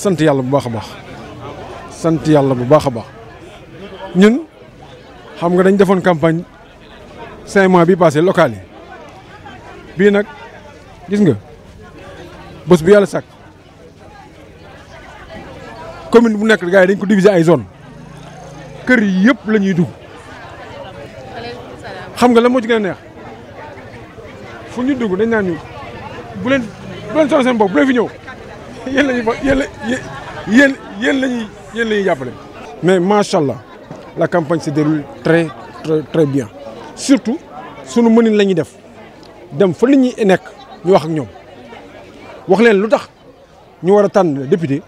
sant yalla bu baakha a baax sant yalla bu baakha a baax ñun xam nga dañ defone campagne 5 mois bi passé local bi nak gis nga bëss bu yalla sak commune bu nek gaay dañ ko diviser ay zone kër yi yëpp la ñuy dugg xam nga la mo ci gëna neex fu ñu dugg dañ nañu bu len bu len sonal sen bok bu len fi ñëw la mais Machallah, la campagne se déroule très très bien surtout si nous la fait def dem fa la ñuy ñu wax ak Nous wax leen lu ñu la député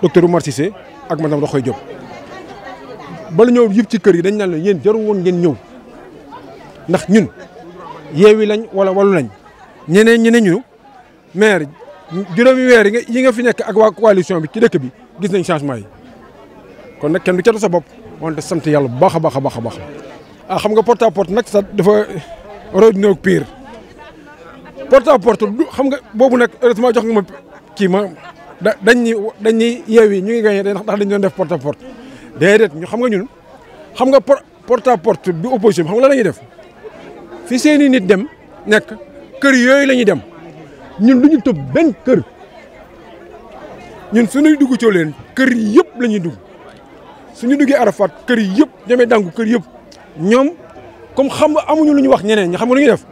docteur Omar Sissé ak madame Roxoy Diop. bala qui sont ci kër yi dañ la jaru nous, ngeen la ndax juróomi weer yi nga fi nek ak wa coalition bi ci dekk bi gis nañ changement yi kon nak ken du ci sa bop wante sant sante yalla baxa baxa baxa a ah xam nga porte à porte nak sa dafa roy nok pire porte à porte du xam nga bobu nak heureusement jox nga ma ki ma da dañ ni dañ ni yewi ñu ngi gagné tax dañ doon def porte à porte dedet ñu xam nga ñun xam nga porte à porte bi opposition xam nga la def fi seeni nit dem nek kër yoy la dem ñun duñu tëb ben kër ñun duggu ci leen kër yëpp lañu dugg suñu duggé arafat kër yëpp demee dangu kër yëpp ñom comme xam amuñu luñu wax ñeneen ñi xam luñu def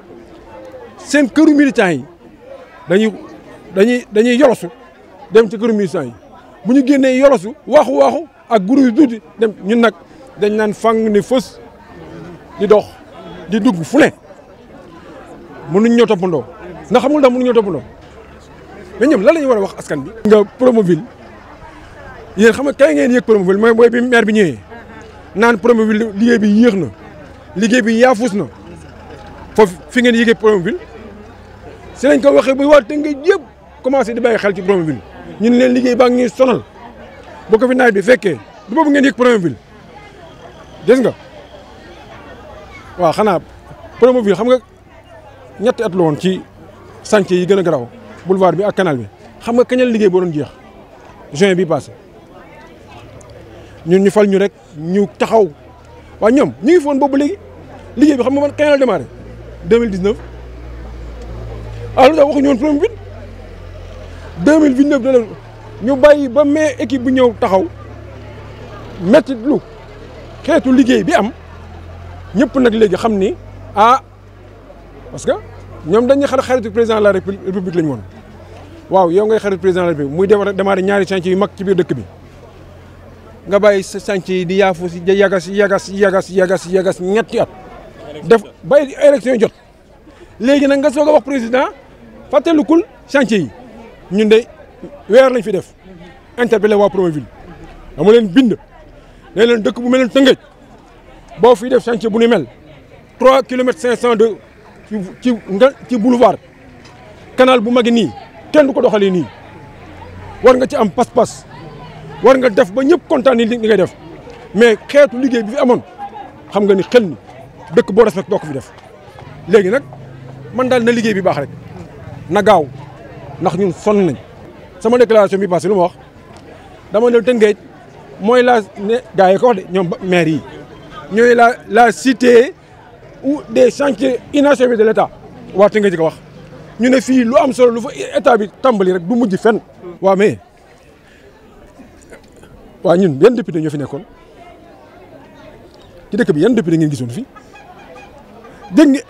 seen kër militant yi dañuy dañuy dañuy yolosu dem ci kër militant yi buñu génné yolosu waxu waxu ak guru yu tuuti dem ñun nak dañ nan fang ni fës di dox di dugg fulé ne mënuñ ñoo toppandoo ndax xamul ndax mënuñoo toppandoo mais ñoom lan la ñu war a wax askan bi. nga Promoville yéen xam nga kay ngeen yëg Promoville mooy mooy bi maire bi ñëwee naan Promoville liggéey bi yéex na liggéey bi yaafus na foofu fi ngeen yég Promoville si lañ ko waxee ba waa Tëngéej yëpp commencé di bàyyi xel ci Promoville ñun leen liggéey baa ngi ñuy sonal boo ko fi nawet bi fekkee du boobu ngeen yëg Promoville gis nga waaw xanaa Promoville xam nga ñetti at la ci. chantier yi gën a garaw boulevard bi ak canal bi xam nga kañal liggéey boo doon jeex juin bi passé ñun ñu fal ñu rek ñu taxaw waa ñoom ñu ngi foon boobu léegi liggéey bi xam nga man kañ la démarré 2019 alors da waxuñu woon premier bit 2029 da ñu bàyyi ba mai équipe bu ñëw taxaw métti lu xeetu liggéey bi am ñëpp nag léegi xam ni ah parce ñom dañuy xar xaritu président de la république la won woon waaw yow ngay xarit président de la république muy démarrer ñaari chantier yu mag ci biir dëkk bi nga bàyyi sa chantier yi di yaafu ci yagas yagas yagas yagas yagas ñetti at def bàyyi élection jot légui nak nga soog wax président fàttalukul chantier yi ñun de wër lañ fi def wa waa ville dama leen bind ne leen dëkk bu mel ne Tëngéej boo fi def chantier bu ni mel 3 km 500 de ci boulevard canal bu magni nii kenn du ko ni war nga ci am pas pass war nga def ba ñepp contane li nga def mais xéetu liggéey bi fi amone xam nga ni xel ni dekk bo respect fi def légui nak man dal na liggéey bi bax rek na gaaw nak ñun son nañ sama déclaration bi passé lu wax dama ne Tëngéej moy la ne ko wax de ñom maire yi ñoy la la cité ou des chantiers inachevés de l'État waa Tëngéej ko wax ñu ne fii lu am solo lu fa état bi tàmbali rek du mujj fenn. waaw mais waa ñun yan député ñoo fi nekkoon ci dëkk bi yan député ngeen gisoon fi dégg nga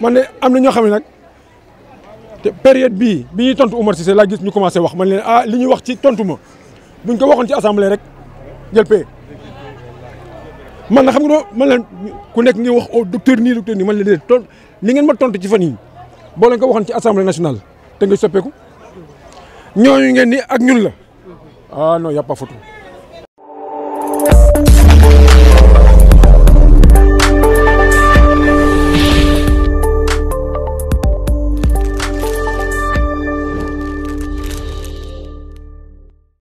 man ne am na ñoo xam ne nag te période bii bi ñuy tontu Umar Cissé laa gis ñu commencé wax man leen ah li ñuy wax ci tontu ma buñ ko waxoon ci assemblée rek jël paie. man xam nga man la ku nek ngi wax au docteur ni docteur ni man la leer ton li ngeen ma tontu ci fan yi bo len ko waxon ci assemblée nationale te nga soppeku ñoñu ngeen ni ak ñun la ah non y a pas photo